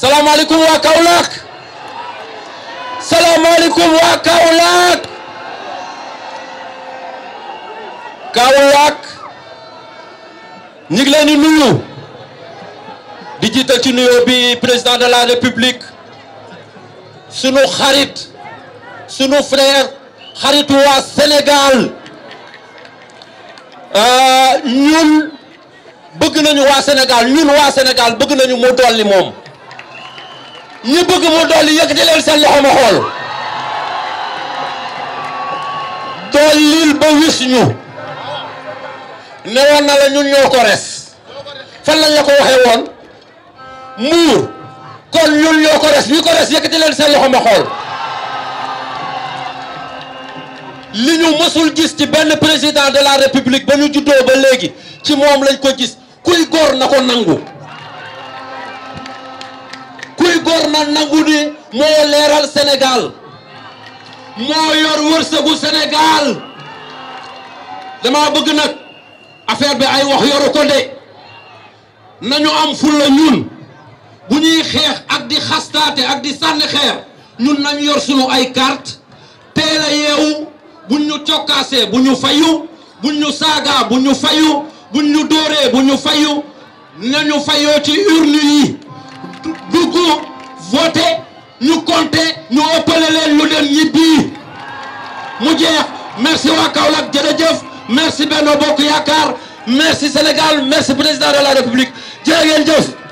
salaamaaleykum waa Kaolack salaamaaleykum waa Kaolack Kaolack ñu ngi leen di nuyu di jiital ci nuyoo bi président de la république sunu xarit sunu frère xaritu waa Sénégal euh, ñun bëgg nañu waa Sénégal ñun waa Sénégal bëgg nañu mu dolli moom. ñi bëgg mu dolli yëkkati leen seen loxo ma xool dollil ba wis ñu ne woon na la ñun ñoo ko res fan lañ ko waxee woon muur kon ñun ñoo ko res ñi ko res yëkkati seen loxo ma xool li ñu mësul gis ci benn président de la république ba ñu juddoo ba léegi ci moom lañ ko gis kuy góor na ko nangu góor na nangu ni moo leeral Sénégal moo yor wërsëgu Sénégal dama bëgg nag affaire bi ay wax yoru ko de nañu am fulla ñun bu ñuy xeex ak di xastaate ak di sànni xeer ñun nañu yor sunu ay carte teel yeewu buñ ñu cokkaasee bu ñu fayu buñ ñu saagaa bu ñu fayu buñ ñu dóoree bu ñu fayu nañu fayoo ci urne yi mu jeex merci waa Kaolack jërëjëf merci Benno Bokk Yaakaar merci Sénégal merci président de la République jërë ngeen jëf